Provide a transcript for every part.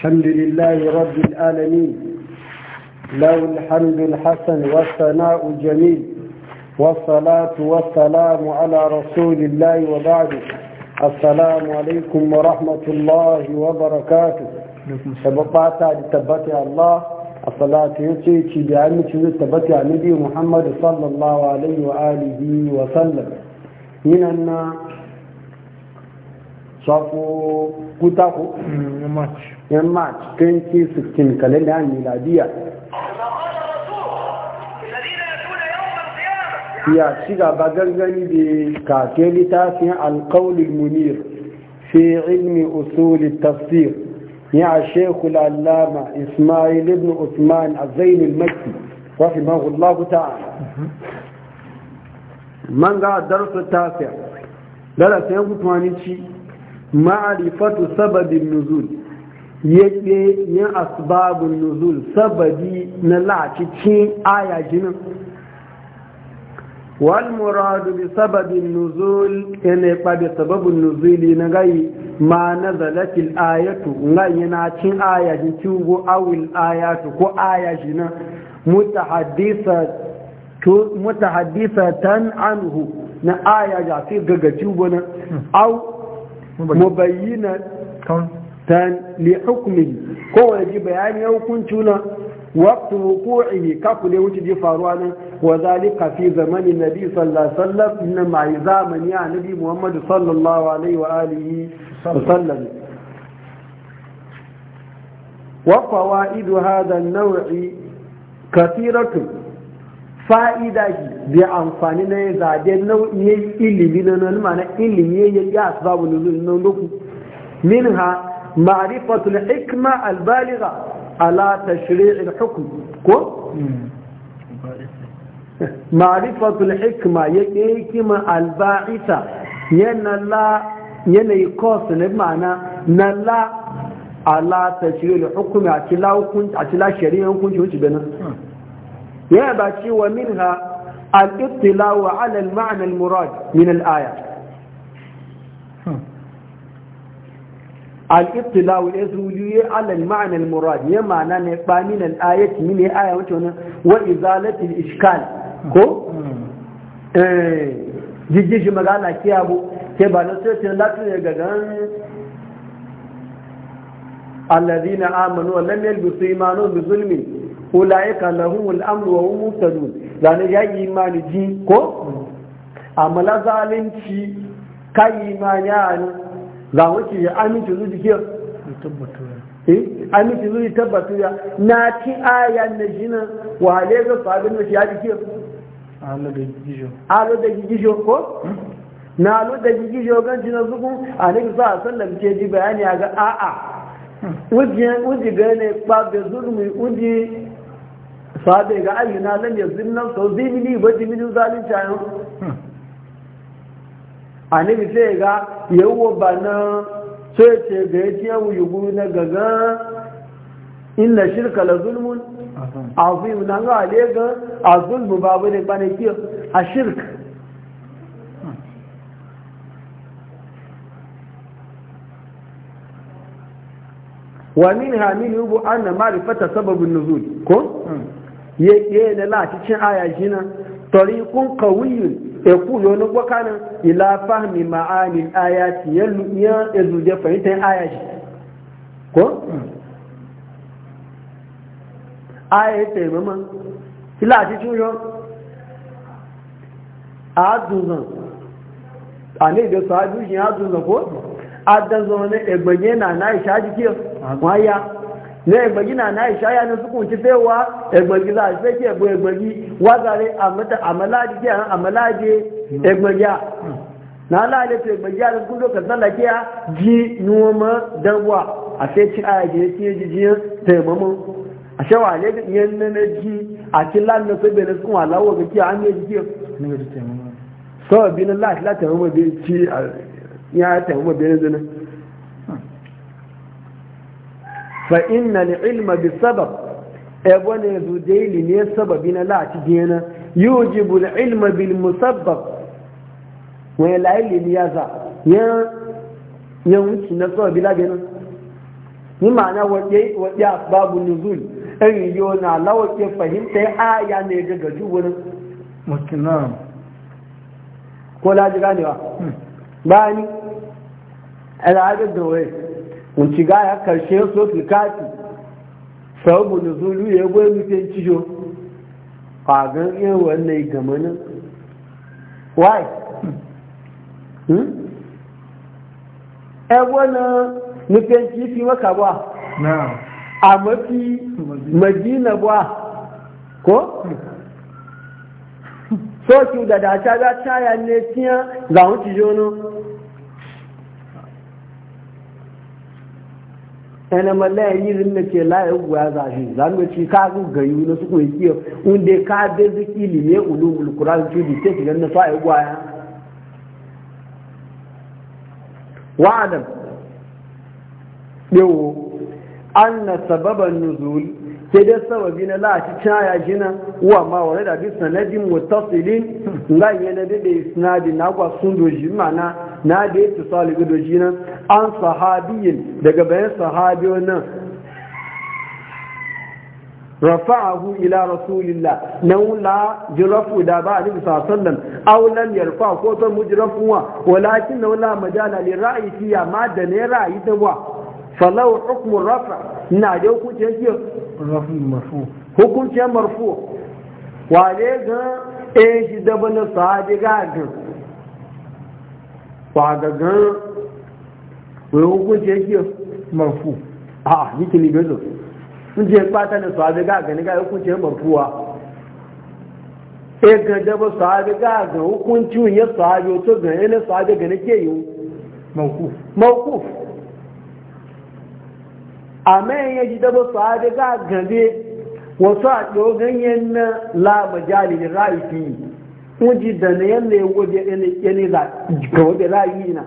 الحمد لله رب العالمين له الحمد الحسن والثناء الجميل والصلاة والسلام على رسول الله وبعد السلام عليكم ورحمة الله وبركاته سبقاتا لتبتع الله الصلاة يتيكي بعمل لتبتع نبي محمد صلى الله عليه وآله وسلم من أن safo kuta ko mm, in march 2016 kalenda miladiya ya ci gaba gangani da kake littafin alkaunin munir fi ilmi usuli tafsir ya shekul allama ismail ibn usman a zainul maki rahimahullahu ta'ala mm-hmm. man ga darsu tafiya ni gutuwanici ma'arifatu sababin nuzul ke yin asbabun nuzul sababi na lacicin aya jinin wal muradu bi sababin nuzul yana ba da sababin nuzuli na gai ma nazalatil ayatu ngai na cin aya jin awil ayatu ko aya jinin mutahaddisa tan anhu na aya ya fi gagaci na au مبينة تان لحكمه كو يجب أن يوكنتنا وقت وقوعه كاكو ليوجد فاروانا وذلك في زمن النبي صلى الله عليه وسلم إنما عزاما يا نبي محمد صلى الله عليه وآله وسلم وفوائد هذا النوع كثيرة fa'ida bai amfani na ya zaɗe nau'in ilimi na nan na ilimi ya yi ya asbabu nuzul na loku min ha ma'arifatul hikma albaliga ala tashri'il hukm ko ma'arifatul hikma ya hikima alba'isa yana yanayi kos na ma'ana na la ala tashri'il hukm a cila shari'a hukunci wuce benin ya ba cewa minha al-ittila'u ala murad min al-aya al-ittila'u yazuli ala al-ma'na murad ya ma'ana ne ba min al-ayati min aya الذين آمنوا ولم يلبسوا إيمانهم بظلم ulaika lahum al-amru wa hum muhtadun zane ya imani ji ko amala zalunci kai imani an za wuce ya aminci zuci ke tabbatu eh aminci zuci tabbatu ya na ti ayan na jina wa le sabin da ya dike alo da gijo alo da gijo ko na alo da gijo gan jina zuku alaihi sallam ke ji bayani ga a hmm. wuji wuji gane ba da zulmi uji sabe ga ayyuna lam yazlim nan so zimini ba zimini zalunci ayo ani bise ga yawo bana sai ce ga yace yugu na gaga inna shirka la zulmun azim nan ga ale ga azulmu babu ne bane ki ashirk Wa wa minha min yubu anna ma'rifata sababin nuzul ko ne la na laticin aya tariqun nan e ku yo no gwa kana ila fahmi ma'ani ayati yallu ya e zuje fahimtar aya ji ko? aya mama ila laticin yau yo aduna ani de sa su ji azuzan ko? adan zo ne egbeje na na isha jikiyar ya na egbegi na na isha ya nusu kunci fewa egbegi za a fe ke bu amalaji ke an amalaji egbegi a na alale to egbegi a da kudo ji noma dabuwa a fe ci a yaje ke jijiyar taimamin a shawa ne da iya ji a kilan na sobe na sun alawo ga an yi jikiyar na ya fa inna al-ilma bi sabab e bone zu da ilimi ya sababi na la ci dena yujibu al-ilma bil musabbab wa la ilimi ya za ya na sababi la benin ni ma'ana waje waje asbabu nuzul an na lawake fahimta ya ne ga gaju ko hmm. bani al'adar unci gaya karshe sosul kati sabu da zulu ya gwai mutum cijo ƙagan iya wannan gamanin why ẹgbọ́n na nufin kí maka ba a mafi madina ba ko? so ki da dace za ta ne tiyan ga wuce jono yana e ya yi rinna ce laye guwa za shi za mu ci ka zu ga na su kuma kiyo unde ka da ziki lime ulu qur'an ci di ce gidan na guwa ya wa adam yau anna sababan nuzul sai dai sababi na la'aci caya jina wa ma wa da bi sanadin muttasilin ngai yana da isnadi na gwa sun doji mana na da yake salibi da shi nan an sahabiyin daga bayan sahabiyon nan rafa'ahu ila rasulillah nan la jirafu da ba a nabi sallam aw lam yarfa ko to mujrafu wa walakin nan la majala li ra'yi fiya ma da ne ra'yi ta wa falau hukmu rafa na da hukunci yake marfu hukunci marfu wa ne ga eh shi da bana sahabi ga ga kwagagan wai hukunci yake marfu a yake libezo sun je kwata da sahabi ga gani ga hukunci marfuwa e ga daba sahabi ga ga hukunci ya sahabi to ga yana sahabi ga nake yi mawkuf mawkuf amma ya ji daba sahabi ga gabe wasu a dogon yan la majalin ra'ayi uji da na yalla ya waje yana za ga waje ra'ayi na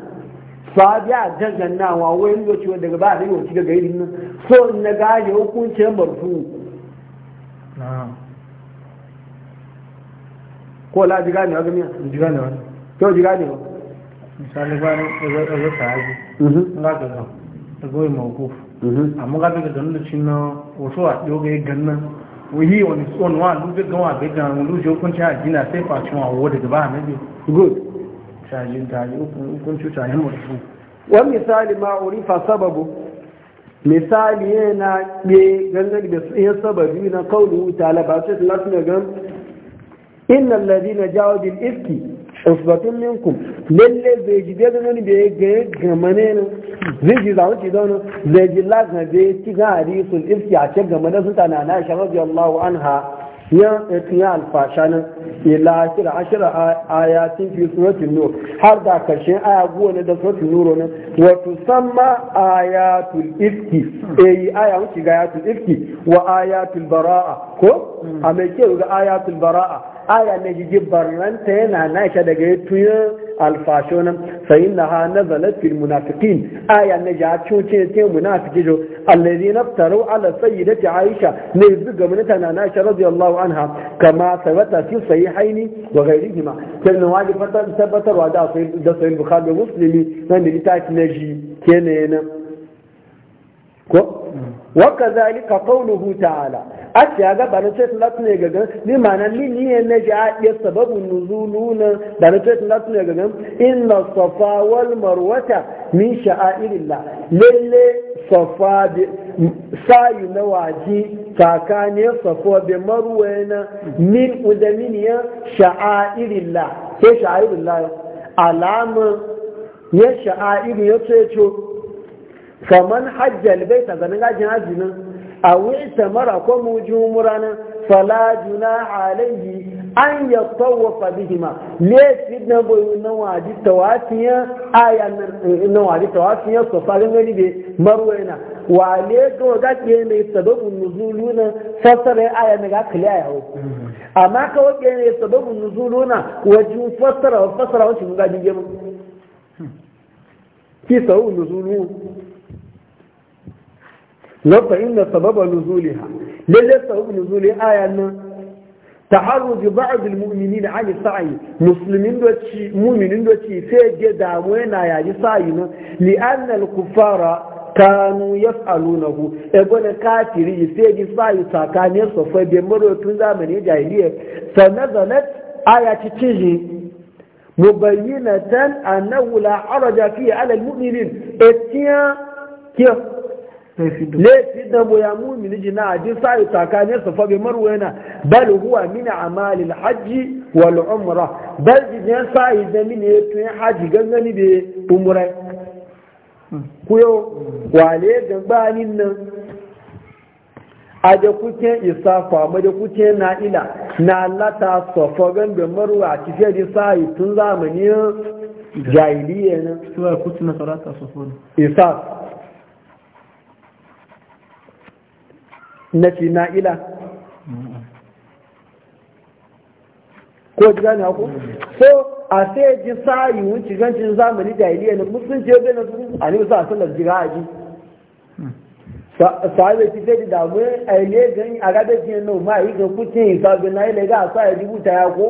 sabi a gaggannawa wani lokaci wanda daga ba a rayuwa ci ga gairin nan so na gaje hukuncin marfu ko la ji gane wa gamiya ji gane wa to ji gane wa misali ba ne a zo ta haji mhm. nga ga ga ga mawuku mhm. amma ga ga ganin da cin na wasu a ɗoga ya wihi on his own wa lu ga wa ga ga lu jo kun jina sai wa ba nabi good ta yi su wa misali ma urifa sababu misali yana be da sababi na qawlu ta'ala ba sai gan usbatun minkum lalle zai ji da nan be ga gamane ne zai ji zawo ci dono zai ji la ga be ti ga hadisul ifki a ce gamane sun tana na Aisha radiyallahu anha ya etiya alfashana ila ashira ashira ayatin fi suratul nur har da karshen aya ne da suratul nur ne wa tusamma ayatul ifki eh aya wuce ga ayatul ifki wa ayatul baraa ko hmm. a mai ke ga ayatul baraa aya ne jiji barranta yana na isha daga ya tuye alfasho nan sai na ha na zalatul munafiqin aya ne ja cuce ce munafiki jo allazi naftaru ala sayyidati aisha ne zuga munata na na isha radiyallahu anha kama sabata fi sahihaini wa ghayrihima sai na waji fatan tabbatarwa da sai da sai bukhari muslimi nan da litafi na ji kenan ko Wakazali ka fauna hutana, aciya za bana tsohcina suna igaga. Min ma'ana min yi a yi nishaɗi sababu suna igaga. Bana tsohcina suna igaga. In na tsofaffa walmar wata, min sha'a irin la. Lallai tsoffa bai, sa'a na waji tsakanin tsofaffa bai maruwaina min min ya ya sha'a irin la. Alamar ya sha'a ya tsoye co. faman Hajji bai ta zanen gajin hajji a wuce mara ko muju murana fala juna alayhi an ya tawafa bihima lefi na boyu na waji tawafiya aya na waji tawafiya so farin gani be marwaina wa le ga ga ke ne sababun nuzulu na fasara aya na ga kile aya ho amma ka wa ke ne sababun nuzulu na wajin fasara fasara wacin ga dinge mu ki sababun nuzulu لو فإن سبب نزولها ليس سبب نزول آية تحرج بعض المؤمنين عن السعي مسلمين دوتشي مؤمنين دوتشي سيد جدا وين آية سعينا لأن الكفار كانوا يفعلونه يقول الكافر يسيد سعي ساكان يصف ويبمروا يتنزع من يجاهلية فنزلت آية تيجي مبينة أنه لا حرج فيه على المؤمنين اتيا كيف laifi da boya mumini jina a jin sa'i tsakanin su fa bal huwa min amalil hajji wal umra bal jin sa'i da min ya tun haji gangani wale nan a da kuke da kuke na lata sofa gangan marwa a cikin da sa'i tun zamanin jahiliya na fi na'ila ko ji gane ku so a sai ji sa'i wunci gancin zamani jahiliya na musulunci ya bai na su a ne sa sallar jira a ji sahabe ti sai da mu aile gan agabe ti no ma yi gan kutin ka bi na ile ga sa ya dibuta ya ko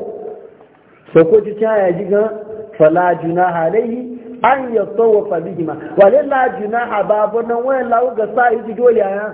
so ko ti ta ya ji gan fala junaha alayhi an yatawafa bihima wala la junaha babu nan wani lawo ga sa yi dole ya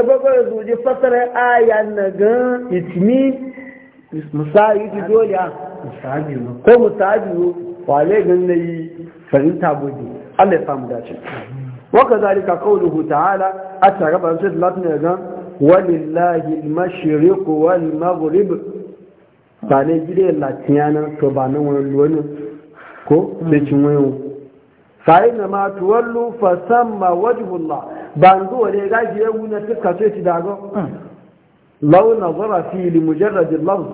ebogo zuji fasara aya na gan itmi musayi ji dole a? ko musabiyo wale gan nayi fahimta gobe Allah ya samu dace waka a qawluhu ta'ala ataraba sai latin gan? walillahi al-mashriq wal maghrib bane gide latiyana to ba nan wani wani ko sai cin wayo sai na ma tuwallu fasamma wajhullah bando ne gaji ya wuna da sai ci dago law nazara fi li mujarrad al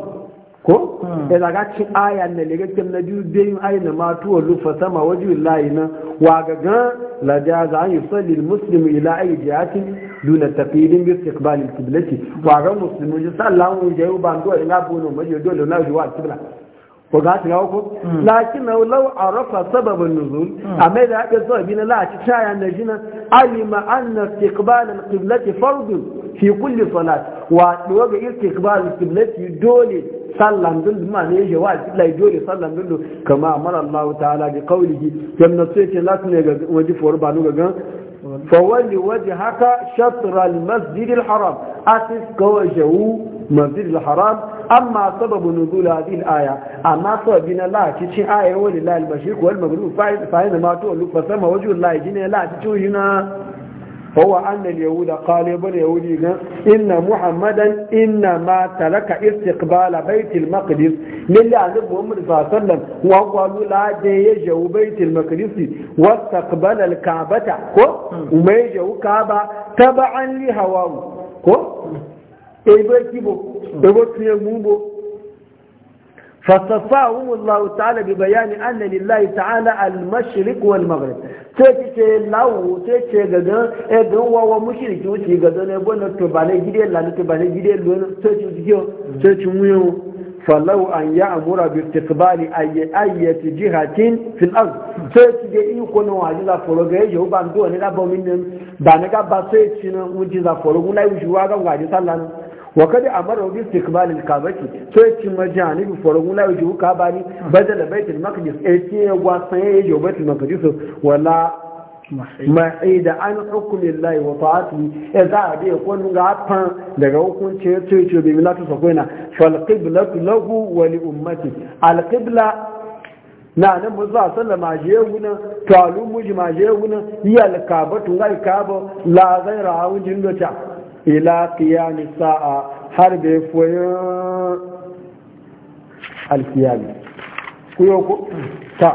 ko ina ga cin aya ne le gakin na biyu bayin ayin na matuwa lufa sama waje layi na wa gaga la jaza an yusalli al muslimu ila ay jihatin duna taqidin bi istiqbal al qiblati wa ga muslimu ji sallahu jayu bando ina bono maje dole na juwa qibla وقاتل أوكم لكنه لو عرف سبب النزول أما إذا هكذا الظهر بنا لا تشاعي النجينا علم أن استقبال القبلة فرض في كل صلاة ولوقع استقبال القبلة يدولي صلى من ما نيجي واجب لا يدولي صلى من كما أمر الله تعالى بقوله يمنى سيتي لا تنيجا وجف وربع نوغا فولي وجهك شطر المسجد الحرام أتسك وجهه مسجد الحرام أما سبب نزول هذه الآية amma fa bi na la ci cin ayi wani la al-mashriq wal maghrib fa yana ma to lu fa sama wajhu la jina la ci to yuna هو أن اليهود قالوا بل يهودي إن محمدا إنما ترك استقبال بيت المقدس للي عزب محمد صلى الله عليه وسلم وقالوا لا يجو بيت المقدس واستقبل الكعبة وما يجو كعبة تبعا لهواه ko ebe kibo ebe tiye mumbo فصفاهم الله تعالى ببيان أن لله تعالى المشرق والمغرب تيتي لو تيتي غدا اغن واو مشرك وتي غدا نبون تبالي جدي لا تبالي جدي لو تيتي جيو تيتي ميو فلو أن يأمر باستقبال اي أي جهه في الارض تيتي جي يكون واجلا فلوغي جو باندو نلا بومين بانغا باسيتي نو وجي زافولو لا يجوا غا واجي سالان وقد امره باستقبال الكعبه توتي مجانب فرغونا وجهه كعباني بدل بيت المقدس اي تي واسن يجو بيت المقدس ولا ما عيد عن حكم الله وطاعته اذا بي يكون غافا daga hukunci ya ce bi mila ta sakwai na falqibla lahu wa li ummati alqibla na nan mu za san da maje gunan talu mu ji maje gunan ya alkaba tun ga kaba la zai rawun jin da ta ila qiyami sa'a har da foyin alkiyami ku yau ko? ta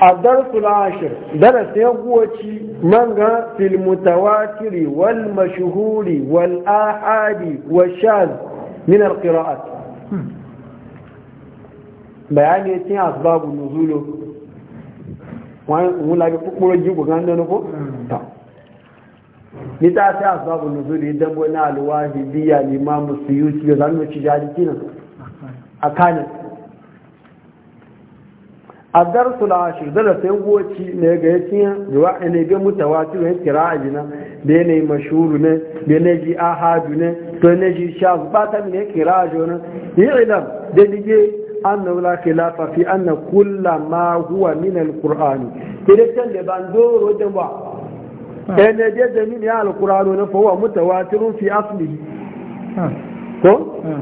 a darsul ashir darasi ya guwaci man ga filmu tawatiri wal mashuhuri wal ahadi wa shaz min alqira'at bayani ya tin asbabu nuzulu wani wula bi kukuru jibu gan dani ko littafi asbabun nuzuli dan na alwahi biya limamu suyuti ya zanu ci jari kinan a kanin a darsul da sai goci ne ga yakin ruwa ne ga mutawatir ne a jina, da ne mashuru ne da ne ji ahadu ne to ne ji sha ba ta ne a jona. yi ilam da dige annahu la khilafa fi anna kullu ma huwa min alqur'ani idan da ban doro da ba Ah. ene je da mini ya alqur'anu na fa huwa mutawatirun fi aslihi ah. ko ah.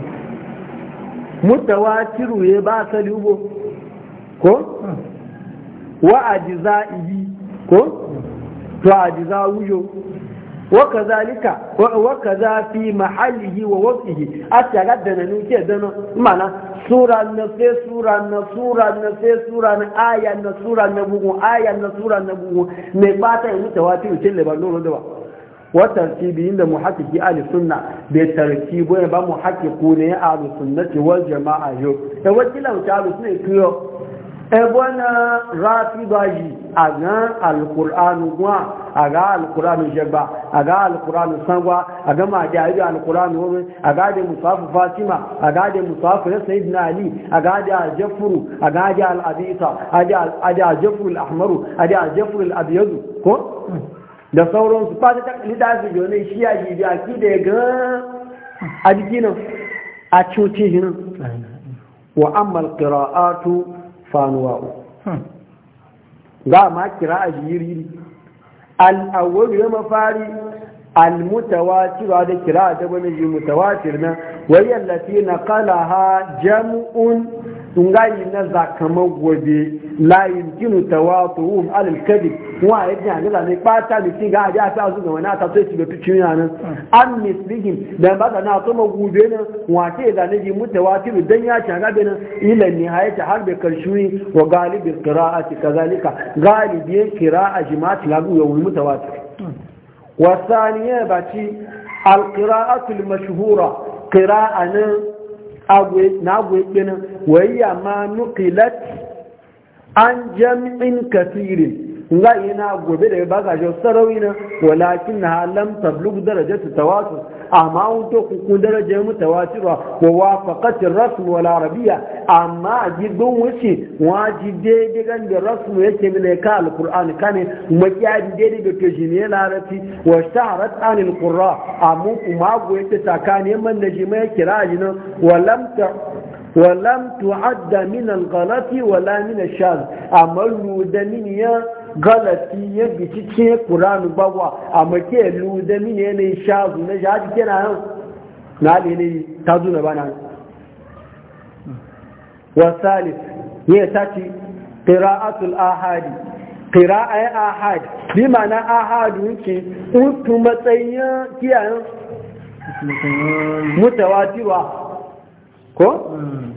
mutawatiru ya ba asali ubo ko wa Ibi ko to ajza'u waka zalika waka za fi mahallihi wa wasihi a tare da nanu dano mana sura na sai sura na sura na sai sura na aya na sura na bugu aya na sura na bugu me bata yi mutu wa tiyo cin lebar nuna dawa wa tartibi inda muhaqqiqi ahli sunna be tartibi ne ba muhaqqiqu ne ahli sunnati wal jamaa yo e wakilan ta ahli sunna yo e bona rafidaji aga alkur'anu gwa aga alkur'anu jeba aga alkur'anu sangwa aga ma da ayi alkur'anu wo aga de musafu fatima aga de musafu ya sayyidina ali aga de jafru aga da al-abisa aga aga jafru al-ahmaru aga da jafuru al abyad ko da sauran su fata ta kalita su ne shi ya ji da ki da ga a a cuce hin nan wa amma al-qira'atu ga ma kira a jiri al'awwalu ya mafari almutawatira da kira da wani ji mutawatir na wayan lati na kalaha jam'un ngayi na zakama gobe la yumkinu tawatuhum ala al-kadhib wa yajna ga ne pata ni ti ga ta su ga wani ta sai ga tuci na nan an mislihim da ba da na to gobe ne wa ke da ne mutawatir dan ya ta gabe ne ila nihayata har da karshe wa galib qira'ati kazalika galib qira'a jama'at la go yawul mutawatir wa thaniya ci al-qira'atu al-mashhura na agwai ɗinin wayya ma nukilat an jami'in kasirin nga yi na gobe daga baka shi sarauni na walakin na halam tabluk darajar tawasu أما أنت كندر جم تواترة ووافقت الرسم والعربية أما جدون وشي واجد جدا الرسم يشي من إكال القرآن كان مكياج جدي بتجيني العربي واشتعرت عن القراء أما ما قلت تكان يمن نجمة كراجنا ولم ت ولم تعد من الغلط ولا من الشاذ أما الودنين galati ya bici ce kuranu bagwa a make lu da mini yanayin shazu na shaji kena yau na alini ta zuna bana wasalis ya tace qira'atul ahadi qira'a ahad bi ma'ana ahadu yake utu matsayin kiyayen mutawatirwa ko hmm.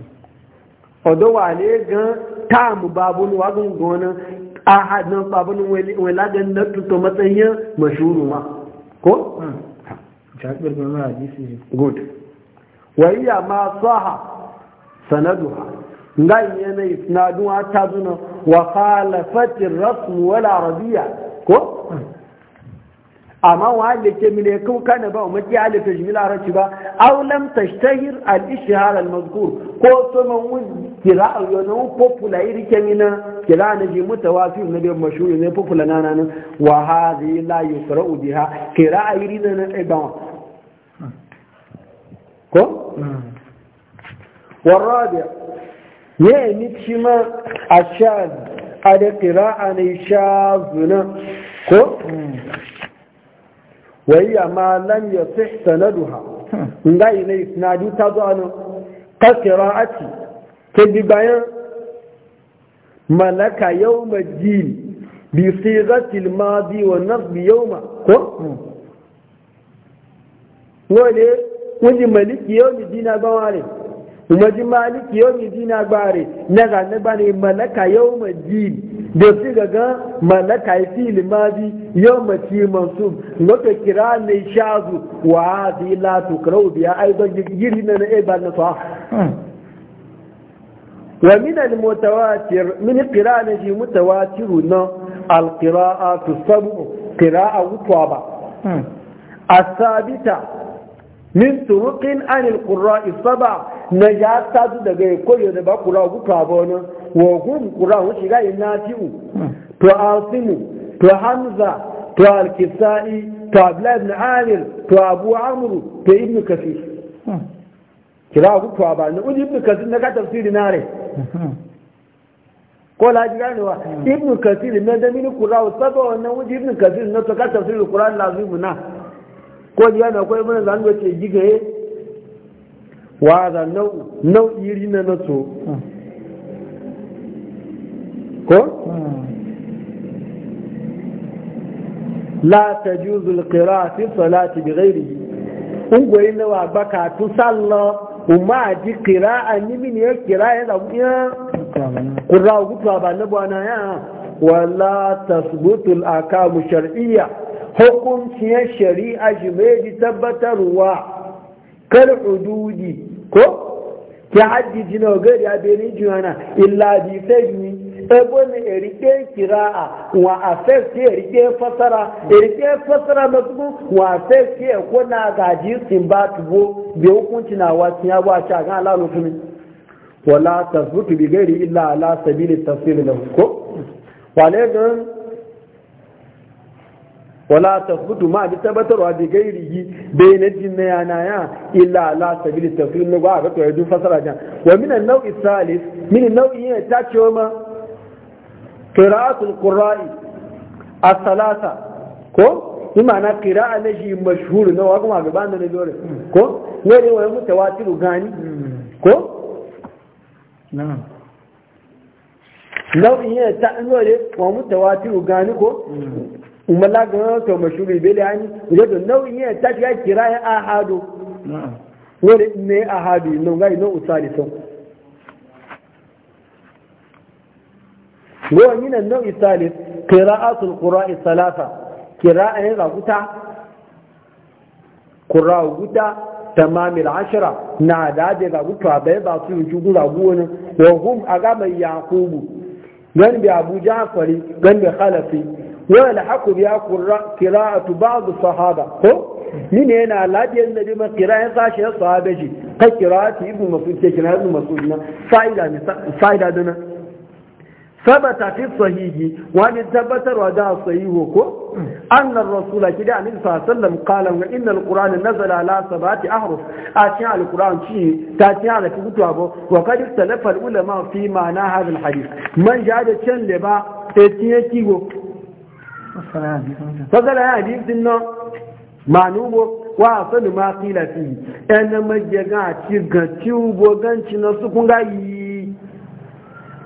odo wale gan tamu babu wagun gonan ahad nan babun wani da na tuto matsayin mashuru ma ko hmm. jabir bin ma hadisi good wa iya ma saha sanaduha ngai yana isnaduha ta zuna wa khalafat ar-rasm wal arabiyya ko hmm. amma wanda ke mine kau kana ba maki ala tajmil arabi ba aw lam tashtahir al-ishhar al-mazkur ko to man wuzira al-yanu popular irke mina kila na ji mutawafi na da mashuri ne fufula na nan wa hadhihi la yusra'u biha kira rina na na ba ko warabi ya ni shi ma ashad ada qira'a ne shazuna ko wa hiya ma lam yasih sanaduha hmm. ngai ne sinadu ta zo an qira'ati ke bi bayan malaka yawma din bi sigati al wa wa nasb yawma ko wole wani maliki yawmi dina bawale umaji maliki yawmi dina bare naga ne bane malaka yawma din da su gaga malaka fi al-madi yawma fi mansub nota kira ne shazu wa hadhi la tukraw biya aidan yirina e na e ba na fa ومن المتواتر من قراءة متواتر القراءة السبع قراءة وطوابة الثابتة min turuqin anil qurra'i saba na ya tazu daga koyo da ba kura ku kabonin wa hum qura hu shiga inatiu hmm. to asimu to hamza to al-kisai to abla ibn amir to abu amr to ibn kafir hmm. kira ku to ba ne uji na ka tafsiri nare ko laji ganewa ibn kasir na da mini kurawa saba wannan wuce ibn kasir na saka tafsirin kuran lazimu na ko ji gane akwai mana zanuwa ce gigaye wa da nau'i rina na so ko la ta tajuzu alqira'atu fi salati bighayrihi ungwe na wa baka tu sallah umma ji qira'a ni min ya qira'a da ya qira'a gutu ba na bana ya wala tasbutul aka akam shar'iyya hukunci ya shari'a shi bai tabbatarwa kar hududi ko ki haddi jina gari a benin juna illa bi sai ebo ne erike kira'a wa afes ke erike fasara erike fasara na tubu wa afes ke ko na gaji sin ba tubo bi hukunci na wa tiya ba ta ga ala lutumi wala tasbutu bi ghairi illa ala sabili tafsir lahu ko wale gan wala tasbutu ma bi tabatarwa bi gairihi bai na jin na yana ya illa ala sabili tafsir lahu ga ka to yadu fasara jan wa min an-naw'i thalith min an-naw'i ya ta ce ma qira'atul qurra'i as-salasa ko imana qira'a na shi mashhur na wa kuma gaban da ne dole ko ne ne wani mutawatiru gani ko na'am nau'in yana ta nore wa mutawatiru gani ko umalla ga to mashhuri bai da ni yadda nau'in yana ta ga qira'a ahadu na'am ne ahadu nan ga no usali sau gowa minan nau'i salis qira'atul qura'i salasa qira'ayin raguta qura'u guta tamamil ashra na da da raguta bai ba su yi ragu wani wa hum agama yaqubu gan bi abu ja'fari gan bi khalafi wa alhaqu bi qira'atu ba'd sahaba ko ni ne yana lafiyar nabi ma qira'in sashi sahabe shi ka qira'ati ibnu na fa'ida sabata fi sahihi wani tabbatar wa da sahihu ko annar rasula kida an isa sallam qala wa inna alquran nazala ala sabati ahruf a cikin alquran ci ta cikin alfi gutuwa bo wa kad istalafa alulama fi ma'na hadha alhadith man jada chen le ba etin yaki go fadala ya hadith dinno manubo wa sallu ma qila fi na su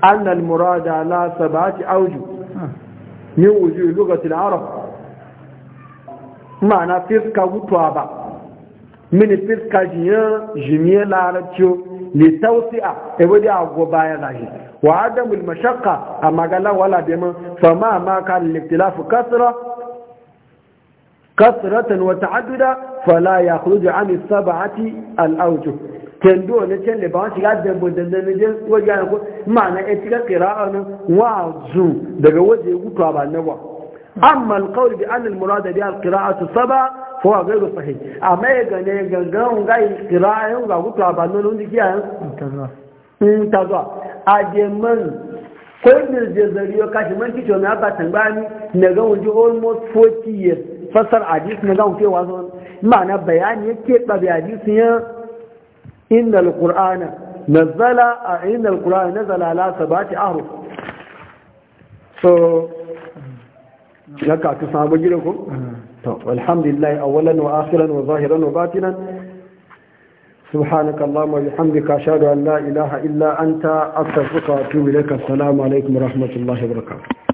أن المراد على سبعة أوجه من وجوه لغة العرب معنى فسكة وطوابة من فسكة جيان جميع العربية لتوسع إبدا أغبايا غاية وعدم المشقة أما قال ولا بما فما ما كان الاختلاف كثرة كثرة وتعددا فلا يخرج عن السبعة الأوجه kendo ne can da ba wani shiga da dandamije wajen yana ko ma'ana e shiga qira'a nan wazu daga waje gutu ba ne ba amma alƙawar bi annal murada bi alƙira'a su saba ko a gairu sahi amma ya ga ne ga ga yau ga gutu ba na lundu kiya yan ta zo a man ko zariyo ka shi man kicho na ba tambani na ga wuji almost 40 years fasar hadith ne ga wuce wasu ma'ana bayani yake ba bayani sun innal qur'ana nazala a innal qur'ana nazala so ya ka ta samu gidan ku to alhamdulillah awwalan wa akhiran wa zahiran wa batinan سبحانك اللهم وبحمدك أشهد أن لا إله إلا أنت أستغفرك وأتوب إليك السلام عليكم ورحمة الله وبركاته